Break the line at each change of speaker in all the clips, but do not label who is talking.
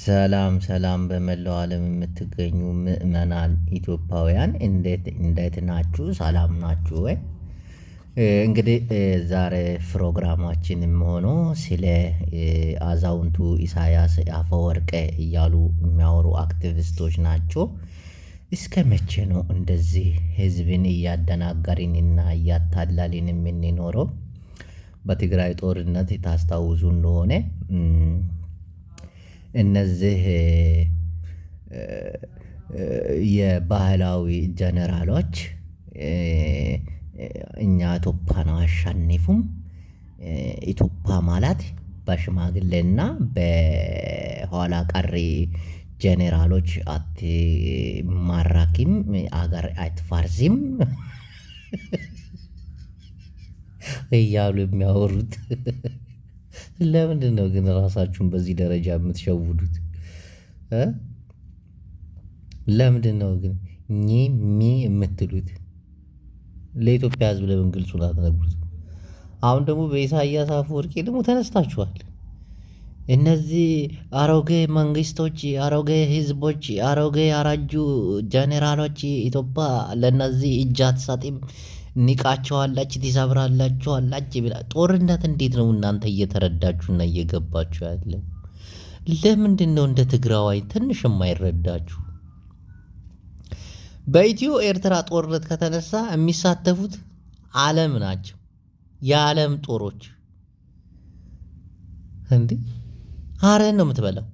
ሰላም ሰላም በመላው ዓለም የምትገኙ ምእመናን ኢትዮጵያውያን እንዴት እንዴት ናችሁ? ሰላም ናችሁ ወይ? እንግዲህ ዛሬ ፕሮግራማችን የሆነው ስለ አዛውንቱ ኢሳያስ አፈወርቄ እያሉ የሚያወሩ አክቲቪስቶች ናቸው። እስከ መቼ ነው እንደዚህ ህዝብን እያደናገሪንና እያታላልን የምንኖረው? በትግራይ ጦርነት ታስታውሱ እንደሆነ እነዚህ የባህላዊ ጀነራሎች እኛ ነው አያሻንፉም። ኢቶፓ ማለት በሽማግሌና በኋላ ቀሪ ጀኔራሎች አትማራኪም፣ አገር አትፈርስም እያሉ የሚያወሩት ለምንድን ነው ግን ራሳችሁን በዚህ ደረጃ የምትሸውዱት? ለምንድን ነው ግን ኝ ሚ የምትሉት? ለኢትዮጵያ ሕዝብ ለምን ግልጹን አትነግሩት? አሁን ደግሞ በኢሳያስ አፈወርቂ ደግሞ ተነስታችኋል። እነዚህ አሮጌ መንግስቶች፣ አሮጌ ህዝቦች፣ አሮጌ አራጁ ጀኔራሎች ኢትዮጵያ ለእነዚህ እጅ አትሰጥም ንቃቸዋላችሁ፣ ትሰብራላችኋላችሁ ብላ ጦርነት እንዴት ነው እናንተ እየተረዳችሁና እየገባችሁ ያለ? ለምንድን ነው እንደ ትግራዋይ ትንሽ የማይረዳችሁ? በኢትዮ ኤርትራ ጦርነት ከተነሳ የሚሳተፉት ዓለም ናቸው። የዓለም ጦሮች እንዲህ አረን ነው የምትበላው፣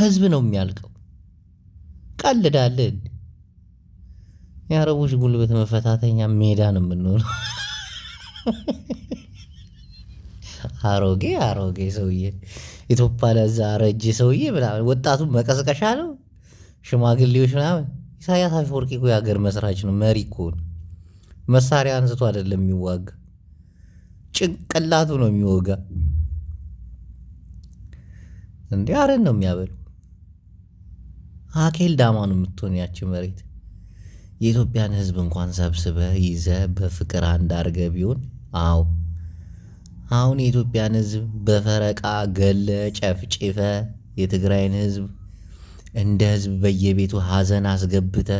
ህዝብ ነው የሚያልቀው። ቀልዳለን የአረቦች ጉልበት መፈታተኛ ሜዳ ነው የምንሆነው። አሮጌ አሮጌ ሰውዬ ኢትዮጵያ ለዛ አረጀ ሰውዬ ምናምን ወጣቱ መቀስቀሻ ነው። ሽማግሌዎች ምናምን ኢሳያስ አፈወርቂ እኮ የሀገር መስራች ነው፣ መሪ እኮ ነው። መሳሪያ አንስቶ አይደለም የሚዋጋ ጭንቅላቱ ነው የሚወጋ። እንዲህ አረን ነው የሚያበሉ አኬል ዳማ ነው የምትሆን ያቸው መሬት። የኢትዮጵያን ሕዝብ እንኳን ሰብስበ ይዘ በፍቅር አንድ አድርገ ቢሆን አው አሁን የኢትዮጵያን ሕዝብ በፈረቃ ገለ ጨፍጭፈ የትግራይን ሕዝብ እንደ ሕዝብ በየቤቱ ሀዘን አስገብተ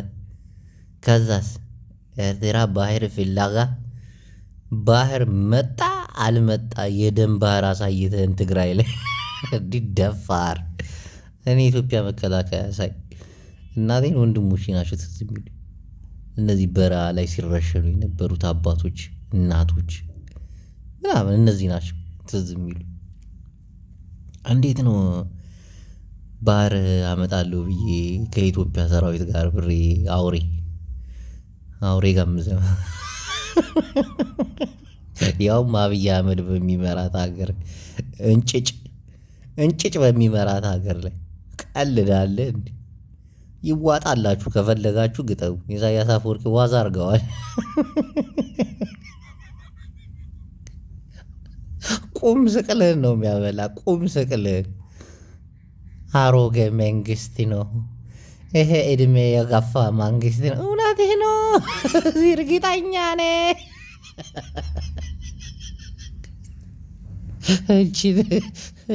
ከዛስ ኤርትራ ባህር ፍላጋ ባህር መጣ አልመጣ የደም ባህር አሳይተን ትግራይ ላይ እንዲህ እኔ ኢትዮጵያ መከላከያ ሳይ እናቴን ወንድሞቼ ናቸው ትዝ እነዚህ በረሃ ላይ ሲረሸኑ የነበሩት አባቶች፣ እናቶች ምናምን እነዚህ ናቸው ትዝ የሚሉ። እንዴት ነው ባህር አመጣለሁ ብዬ ከኢትዮጵያ ሰራዊት ጋር ብሬ አውሬ አውሬ ጋምዘ ያውም አብይ አህመድ በሚመራት ሀገር እንጭጭ እንጭጭ በሚመራት ሀገር ላይ ቀልዳለ እንዴ? ይዋጣላችሁ ከፈለጋችሁ ግጠው። ኢሳያስ አፈወርቂ ዋዛ አድርገዋል። ቁም ስቅልህን ነው የሚያበላ። ቁም ስቅልህን አሮጌ መንግስት ነው ይሄ፣ እድሜ የጋፋ መንግስት ነው። እውነትህ ነው፣ እርግጠኛ ነኝ።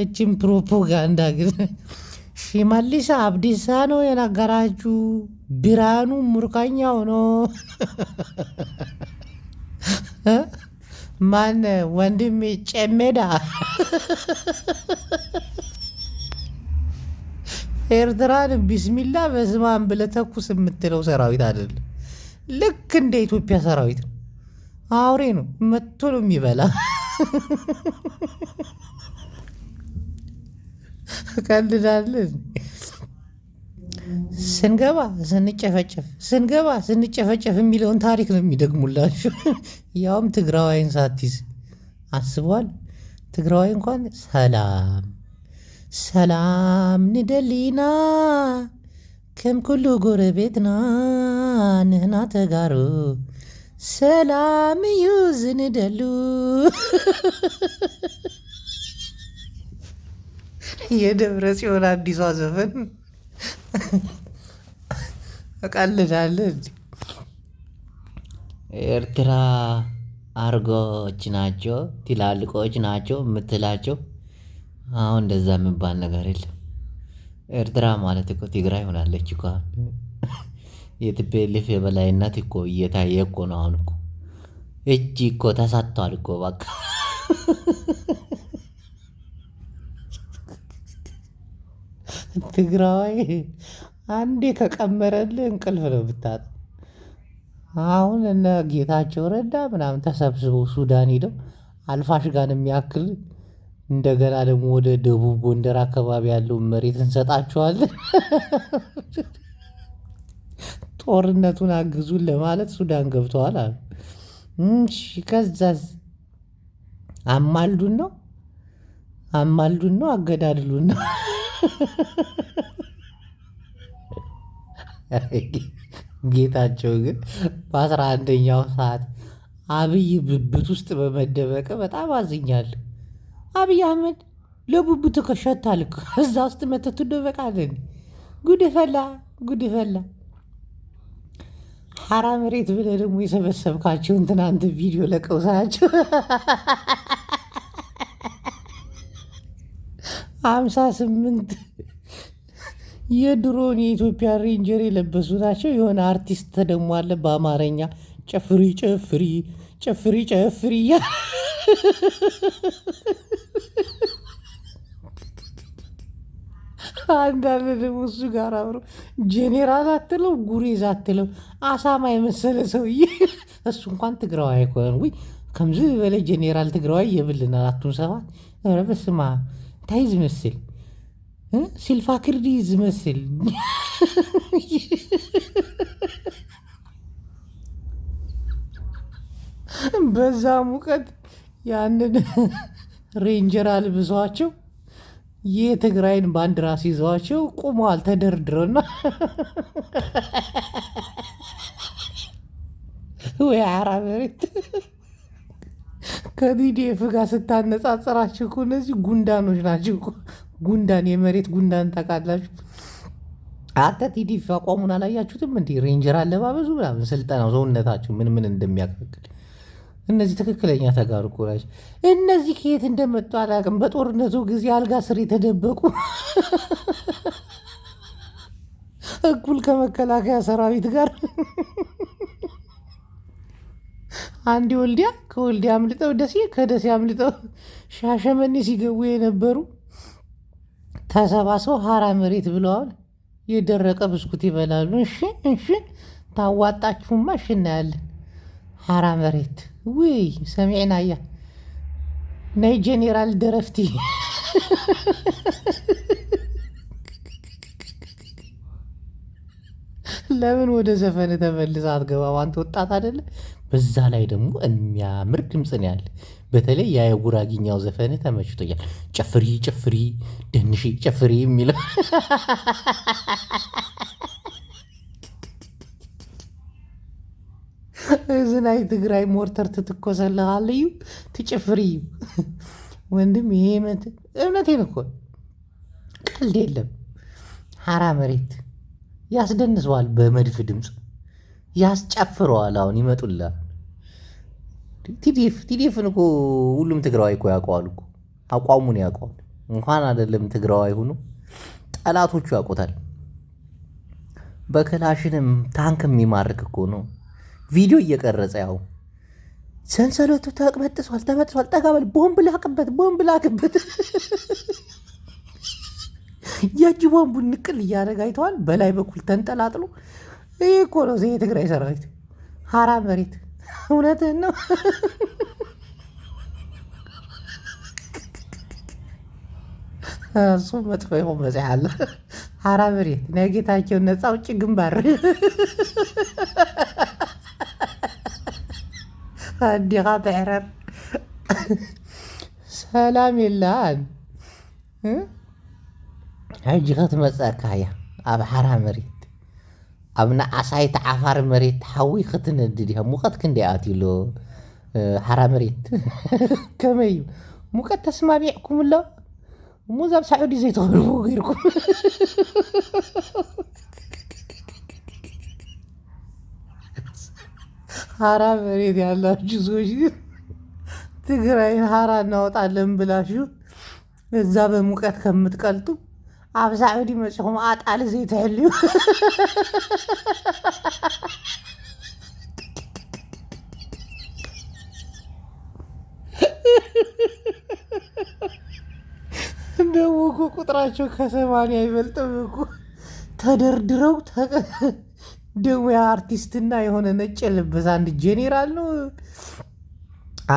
እችን ፕሮፓጋንዳ ግን ሽመልስ አብዲሳ ነው የነገራችሁ። ብርሃኑ ሙርካኛ ነው ማን ወንድም ጨሜዳ ኤርትራን ቢስሚላ በስማን ብለተኩስ የምትለው ሰራዊት አይደለም። ልክ እንደ ኢትዮጵያ ሰራዊት ነው። አውሬ ነው መቶ ነው የሚበላ ቀልዳለን። ስንገባ ስንጨፈጨፍ ስንገባ ስንጨፈጨፍ የሚለውን ታሪክ ነው የሚደግሙላችሁ። ያውም ትግራዋይን ሳትይዝ አስቧል። ትግራዋይ እንኳን ሰላም ሰላም ንደሊና ከም ኩሉ ጎረቤትና ንህና ተጋሩ ሰላም እዩ ዝንደሉ የደብረ ጽዮን አዲሷ ዘፈን ቀልዳለ ኤርትራ አርጎች ናቸው ትላልቆች ናቸው የምትላቸው አሁን እንደዛ የሚባል ነገር የለም። ኤርትራ ማለት እኮ ትግራይ ሆናለች እኮ የትፔልፍ የበላይነት እኮ እየታየ እኮ ነው። አሁን እኮ እጅ እኮ ተሳቷል እኮ በቃ ትግራዋይ አንዴ ከቀመረልህ እንቅልፍ ነው ብታጥ። አሁን እነ ጌታቸው ረዳ ምናምን ተሰብስበው ሱዳን ሄደው አልፋሽጋንም ያክል እንደገና ደግሞ ወደ ደቡብ ጎንደር አካባቢ ያለውን መሬት እንሰጣቸዋለን። ጦርነቱን አግዙን ለማለት ሱዳን ገብተዋል አሉ። ከዛስ አማልዱን ነው አማልዱን ነው አገዳድሉን ነው ጌታቸው ግን በአስራ አንደኛው ሰዓት አብይ ብብት ውስጥ በመደበቀ በጣም አዝኛል። አብይ አህመድ ለቡብት ከሸታል ከዛ ውስጥ መተቱ ደበቃለን። ጉድ ፈላ ጉድ ፈላ። ሐራ መሬት ብለህ ደግሞ የሰበሰብካቸውን ትናንት ቪዲዮ ለቀውሳቸው ሀምሳ ስምንት የድሮን የኢትዮጵያ ሬንጀር የለበሱ ናቸው። የሆነ አርቲስት ተደሟለ በአማርኛ ጨፍሪ ጨፍሪ ጨፍሪ ጨፍሪ እያ አንዳንድ ደግሞ እሱ ጋር አብሮ ጄኔራል አትለው ጉሬዝ አትለው አሳማ የመሰለ ሰውዬ እሱ እንኳን ትግራዋይ አይኮን ወይ ከምዚ በላይ ጄኔራል ትግራዋይ የብልናል አቱን ሰባት ረበስማ ታይ ዝመስል ሲልፋ ክርዲ ዝመስል በዛ ሙቀት ያንን ሬንጀር አልብሷቸው የትግራይን ባንዲራ ሲይዘዋቸው ቁመዋል ተደርድረና ወይ አራ መሬት ከቲዲኤፍ ጋር ስታነጻጽራችሁ እኮ እነዚህ ጉንዳኖች ናቸው። ጉንዳን የመሬት ጉንዳን ታውቃላችሁ። አተ ቲዲፍ አቋሙን አላያችሁትም? እንዲ ሬንጀር አለባበሱ ምናምን፣ ስልጠናው፣ ሰውነታቸው ምን ምን እንደሚያቀቅል እነዚህ ትክክለኛ ተጋሩ ኮራች። እነዚህ ከየት እንደመጡ አላውቅም። በጦርነቱ ጊዜ አልጋ ስር የተደበቁ እኩል ከመከላከያ ሰራዊት ጋር አንድ ወልዲያ ከወልዲያ አምልጠው ደሴ ከደሴ አምልጠው ሻሸመኔ ሲገቡ የነበሩ ተሰባስበው ሀራ መሬት ብለዋል። የደረቀ ብስኩት ይበላሉ። እሺ እሺ ታዋጣችሁማ፣ እሺ እናያለን። ሀራ መሬት ውይ ሰሚዕናያ ናይ ጄኔራል ደረፍቲ ለምን ወደ ዘፈን ተመልሰ አትገባም? አንተ ወጣት አይደለ? በዛ ላይ ደግሞ የሚያምር ድምጽ ነው ያለ። በተለይ ያ የጉራጊኛው ዘፈን ተመችቶኛል። ጨፍሪ ጨፍሪ ደንሺ ጨፍሪ የሚለው ዝናይ ትግራይ ሞርተር ትትኮሰልሃል እዩ ትጨፍሪ እዩ ወንድም፣ ይሄ መት እውነቴን እኮ ቀልድ የለም። ሐራ መሬት ያስደንሰዋል፣ በመድፍ ድምፅ ያስጨፍረዋል። አሁን ይመጡላል ቲዲኤፍ እኮ ሁሉም ትግራዋይ እኮ ያውቀዋል እኮ አቋሙን ያውቀዋል። እንኳን አይደለም ትግራዋይ ሆኖ ጠላቶቹ ያውቁታል። በክላሽንም ታንክ የሚማርክ እኮ ነው ቪዲዮ እየቀረጸ ያው ሰንሰለቱ ተመጥሷል፣ ተመጥሷል፣ ጠጋበል፣ ቦምብ ላክበት፣ ቦምብ ላክበት። የእጅ ቦምቡ ንቅል እያደረግ አይተዋል። በላይ በኩል ተንጠላጥሎ ይህ እኮ ነው የትግራይ ሰራዊት ሀራ መሬት እውነትህን ነው። እሱ መጥፎ ይሆን በዚህ አለ ሀራ መሬት ነጌታቸውን ነፃ አውጪ ግንባር አዲኻ ተሕረር ሰላም የላን ሕጂ ክትመፀካ እያ ኣብ ሓራ መሬት ኣብ ንኣሳይቲ ዓፋር መሬት ሓዊ ክትነድድ እያ ሙቐት ክንደይ ኣትዩሎ ሓራ መሬት ከመይ እዩ ሙቀት ተስማሚዕኩም ኣሎ እሞ ዛብ ሳዑዲ ዘይተኸልዎ ገይርኩም ሃራ መሬት ያላችሁ ሰዎች ትግራይን ሃራ እናወጣለን ብላችሁ እዛ በሙቀት ከምትቀልጡ ኣብዛ ዕብዲ መፅኹም ኣጣል ዘይተህልዩ እንደው እኮ ቁጥራቸው ከሰማንያ ይበልጥም እኮ ተደርድረው ደሞ አርቲስትና የሆነ ነጭ ልብስ አንድ ጄኔራል ነው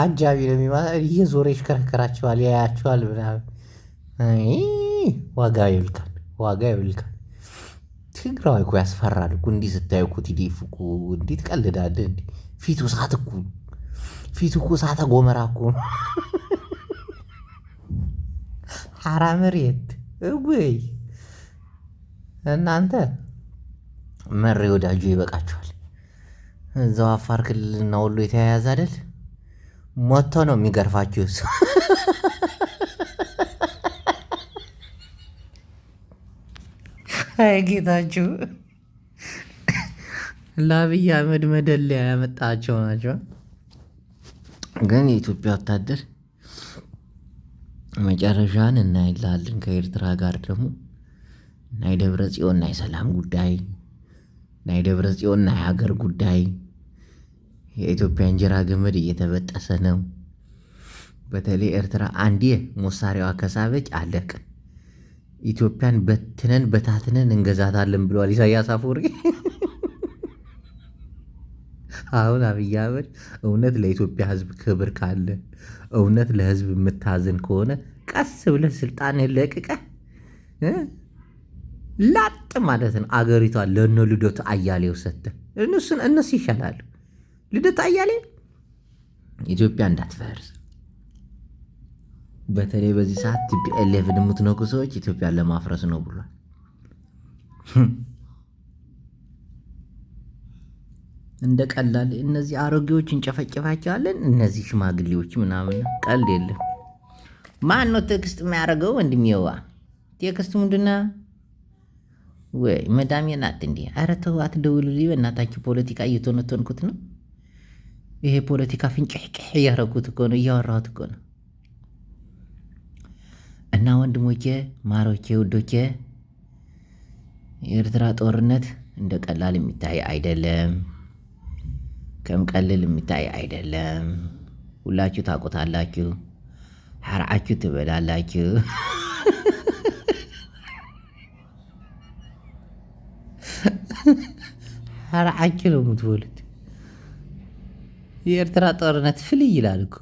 አጃቢ ነው የሚማ እየዞረ ይሽከረከራቸዋል፣ ያያቸዋል ምናምን ዋጋ ይወልቃል ዋጋ ይወልቃል። ትግራዋይ እኮ ያስፈራል እኮ እንዲህ ስታይ እኮ ቲዲኤፍ እኮ እንዲህ ትቀልዳለህ እንዴ? ፊቱ እሳት እኮ ፊቱ እኮ እሳተ ጎመራ እኮ ነው። ሐራ መሬት እጉይ እናንተ መሬ ወዳጁ ይበቃችኋል። እዛው አፋር ክልልና ወሎ የተያያዘ አይደል? ሞቶ ነው የሚገርፋችሁ። ጌታችሁ ለአብይ አህመድ መደለያ ያመጣቸው ናቸው። ግን የኢትዮጵያ ወታደር መጨረሻን እናይላለን። ከኤርትራ ጋር ደግሞ ናይ ደብረ ጽዮን ናይ ሰላም ጉዳይ፣ ናይ ደብረ ጽዮን ናይ ሀገር ጉዳይ። የኢትዮጵያ እንጀራ ገመድ እየተበጠሰ ነው። በተለይ ኤርትራ አንዴ መሳሪያዋ ከሳበች አለቅ ኢትዮጵያን በትነን በታትነን እንገዛታለን ብለዋል ኢሳያስ አፈወርቂ። አሁን አብይ አህመድ እውነት ለኢትዮጵያ ሕዝብ ክብር ካለ እውነት ለሕዝብ የምታዝን ከሆነ ቀስ ብለህ ስልጣንህን ለቅቀህ ላጥ ማለት ነው አገሪቷን ለእነ ልደቱ አያሌው ሰጥተህ እነሱን እነሱ ይሻላሉ። ልደቱ አያሌ ኢትዮጵያ እንዳትፈርስ በተለይ በዚህ ሰዓት ቲፒኤልኤፍን የምትነኩ ሰዎች ኢትዮጵያን ለማፍረስ ነው ብሏል። እንደ ቀላል እነዚህ አሮጌዎች እንጨፈጨፋቸዋለን፣ እነዚህ ሽማግሌዎች ምናምን ቀልድ የለም። ማን ነው ቴክስት የሚያደርገው? ወንድሜዋ ቴክስት ምንድና ወይ መዳሜ ናት እንዲ። ኧረ ተው አትደውሉልኝ በእናታችሁ፣ ፖለቲካ እየተነተንኩት ነው። ይሄ ፖለቲካ ፍንጭሕቅሕ እያረኩት እኮ ነው፣ እያወራሁት እኮ ነው። እና ወንድሞቼ ማሮቼ ውዶቼ የኤርትራ ጦርነት እንደ ቀላል የሚታይ አይደለም፣ ከምቀልል የሚታይ አይደለም። ሁላችሁ ታቆታላችሁ፣ ሓርዓችሁ ትበላላችሁ። ሓርዓችሁ ነው የምትበሉት። የኤርትራ ጦርነት ፍልይ ይላል እኮ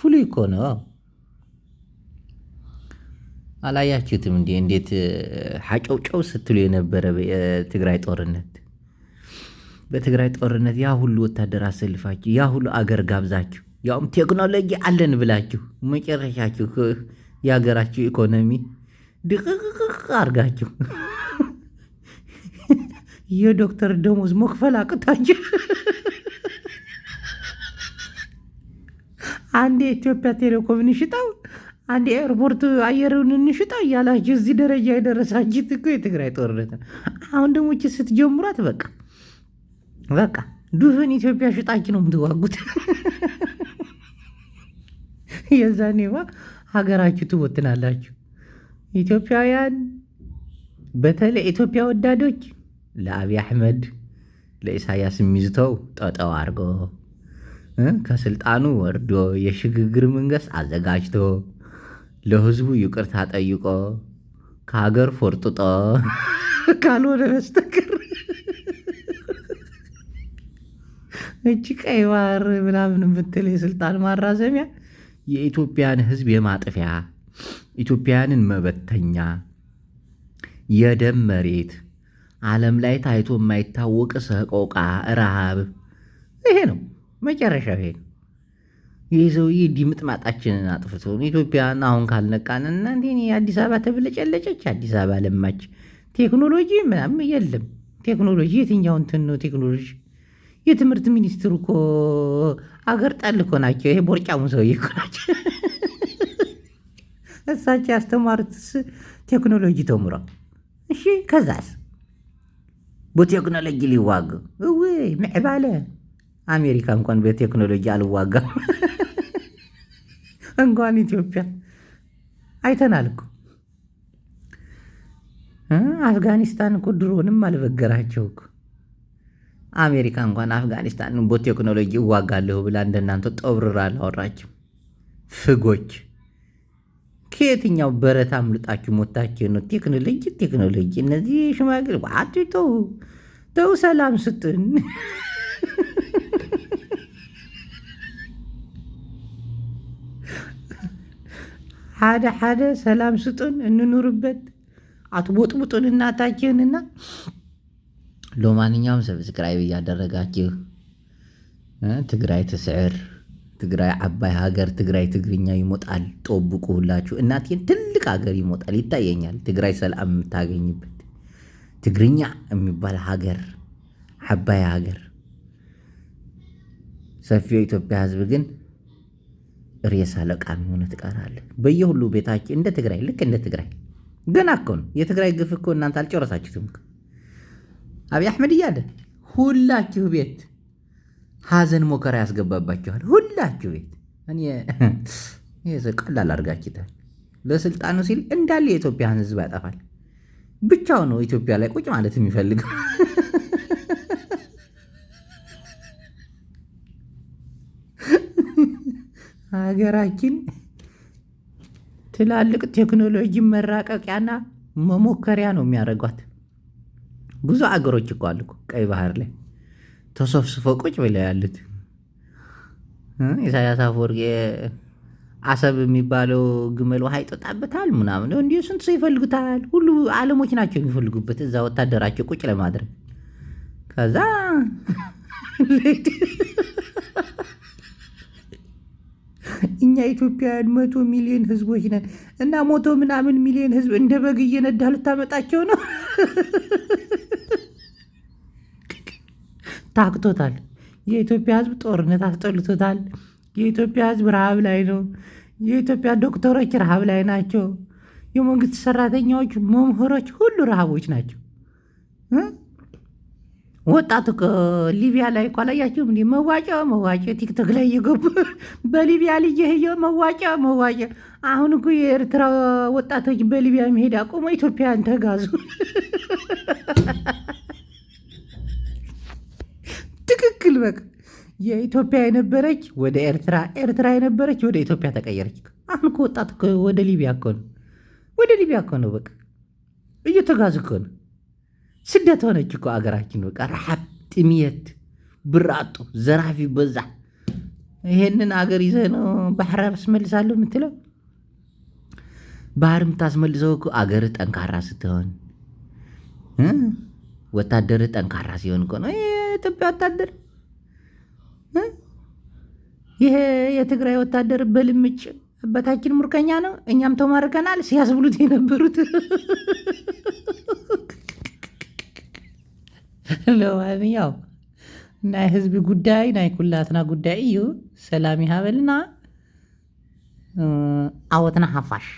ፍሉይ እኮ ነው። አላያችሁትም እንዲ እንዴት ሀጨውጨው ስትሉ የነበረ የትግራይ ጦርነት። በትግራይ ጦርነት ያ ሁሉ ወታደር አሰልፋችሁ፣ ያ ሁሉ አገር ጋብዛችሁ፣ ያውም ቴክኖሎጂ አለን ብላችሁ መጨረሻችሁ የሀገራችሁ ኢኮኖሚ ድቅቅቅ አርጋችሁ የዶክተር ደሞዝ መክፈል አቅታችሁ አንድ የኢትዮጵያ ቴሌኮምን ሽጠው አንድ ኤርፖርት አየር እንሽጣ እያላችሁ እዚህ ደረጃ የደረሳችሁት እኮ የትግራይ ጦርነት ነው። አሁን ደግሞ ች ስትጀምሯት በቃ በቃ ዱፍን ኢትዮጵያ ሽጣች ነው የምትዋጉት። የዛኔማ ሀገራችሁ ትወትናላችሁ። ኢትዮጵያውያን በተለይ ኢትዮጵያ ወዳዶች ለአብይ አሕመድ ለኢሳያስ የሚዝተው ጠጠው አድርጎ ከስልጣኑ ወርዶ የሽግግር መንግስት አዘጋጅቶ ለህዝቡ ይቅርታ ጠይቆ ከሀገር ፎርጥጦ ካልሆነ በስተቀር እጅ ቀይ ባህር ምናምን የምትል የስልጣን ማራዘሚያ የኢትዮጵያን ህዝብ የማጥፊያ ኢትዮጵያንን መበተኛ የደም መሬት ዓለም ላይ ታይቶ የማይታወቅ ሰቆቃ፣ ረሃብ ይሄ ነው መጨረሻ ይሄ ነው። ይህ ሰውዬ ዲምጥማጣችንን አጥፍቶ ኢትዮጵያን አሁን ካልነቃን እናንተ አዲስ አበባ ተብለጨለጨች፣ አዲስ አበባ ለማች፣ ቴክኖሎጂ ምናምን የለም። ቴክኖሎጂ የትኛው እንትን ነው ቴክኖሎጂ? የትምህርት ሚኒስትሩ እኮ አገር ጠል እኮ ናቸው። ይሄ ቦርጫሙ ሰውዬ እኮ ናቸው። እሳቸው ያስተማሩትስ ቴክኖሎጂ ተምሯ። እሺ፣ ከዛስ በቴክኖሎጂ ሊዋግ እወይ ምዕባለ አሜሪካ እንኳን በቴክኖሎጂ አልዋጋም። እንኳን ኢትዮጵያ አይተናል እኮ አፍጋኒስታን እኮ ድሮንም አልበገራቸው እኮ። አሜሪካ እንኳን አፍጋኒስታን በቴክኖሎጂ እዋጋለሁ ብላ እንደናንተ ጠብርራ አላወራችም። ፍጎች ከየትኛው በረት አምልጣችሁ ሞታችሁ ነው? ቴክኖሎጂ ቴክኖሎጂ። እነዚህ ሽማግሌ ተው ተው፣ ሰላም ስጥን። ሓደ ሓደ ሰላም ስጡን እንኑርበት አትቦጥቡጡን እናታችንና። ሎማንኛውም ሰብስክራይብ እያደረጋችሁ ትግራይ ትስዕር፣ ትግራይ ዓባይ ሀገር፣ ትግራይ ትግርኛ ይሞጣል። ጠብቁ ሁላችሁ። እናቴን ትልቅ ሀገር ይሞጣል ይታየኛል። ትግራይ ሰላም የምታገኝበት ትግርኛ የሚባል ሀገር፣ ዓባይ ሀገር፣ ሰፊው ኢትዮጵያ ህዝብ ግን ሬሳ ለቃሚ ሆነ ትቀራለህ። በየሁሉ ቤታችን እንደ ትግራይ ልክ እንደ ትግራይ ገና እኮ ነው የትግራይ ግፍ እኮ እናንተ አልጨረሳችሁትም። አብይ አሕመድ እያለ ሁላችሁ ቤት ሀዘን ሞከራ ያስገባባችኋል። ሁላችሁ ቤት ቀላል አድርጋችታል። ለስልጣኑ ሲል እንዳለ የኢትዮጵያን ህዝብ ያጠፋል። ብቻው ነው ኢትዮጵያ ላይ ቁጭ ማለት የሚፈልገው። ሀገራችን ትላልቅ ቴክኖሎጂ መራቀቂያና መሞከሪያ ነው የሚያደርጓት። ብዙ አገሮች እኮ አሉ ቀይ ባህር ላይ ተሰፍስፈው ቁጭ ብለው ያሉት። ኢሳያስ አፈወርቅ አሰብ የሚባለው ግመል ውሃ ይጠጣበታል ምናምን፣ እንዲሁ ስንት ሰው ይፈልጉታል። ሁሉ አለሞች ናቸው የሚፈልጉበት እዛ ወታደራቸው ቁጭ ለማድረግ ከዛ እኛ ኢትዮጵያውያን መቶ ሚሊዮን ህዝቦች ነን እና ሞቶ ምናምን ሚሊዮን ህዝብ እንደ በግ እየነዳ ልታመጣቸው ነው። ታክቶታል። የኢትዮጵያ ህዝብ ጦርነት አስጠልቶታል። የኢትዮጵያ ህዝብ ረሃብ ላይ ነው። የኢትዮጵያ ዶክተሮች ረሃብ ላይ ናቸው። የመንግስት ሰራተኛዎች፣ መምህሮች ሁሉ ረሃቦች ናቸው። ወጣቱ ከሊቢያ ላይ እኮ አላያችሁም? እንዲህ መዋጫ መዋጫ ቲክቶክ ላይ እየገቡ በሊቢያ ልጅ ይሄ መዋጫ መዋጫ። አሁን እኮ የኤርትራ ወጣቶች በሊቢያ መሄድ አቁሞ ኢትዮጵያን ተጋዙ። ትክክል በቃ የኢትዮጵያ የነበረች ወደ ኤርትራ፣ ኤርትራ የነበረች ወደ ኢትዮጵያ ተቀየረች። አሁን እኮ ወጣት ወደ ሊቢያ እኮ ነው፣ ወደ ሊቢያ እኮ ነው። በቃ እየተጋዙ እኮ ነው። ስደት ሆነች እኮ አገራችን። በቃ ረሃብ፣ ጥምየት፣ ብራጡ፣ ዘራፊ በዛ። ይሄንን አገር ይዘህ ነው ባህር አስመልሳለሁ የምትለው? ባህር የምታስመልሰው እኮ ሀገር ጠንካራ ስትሆን፣ ወታደር ጠንካራ ሲሆን እኮ ነው። የኢትዮጵያ ወታደር ይሄ የትግራይ ወታደር በልምጭ አባታችን ሙርከኛ ነው፣ እኛም ተማርከናል ሲያስብሉት የነበሩት ለማንኛውም ናይ ህዝቢ ጉዳይ ናይ ኩላትና ጉዳይ እዩ። ሰላም ይሃበልና ዓወትና ሓፋሽ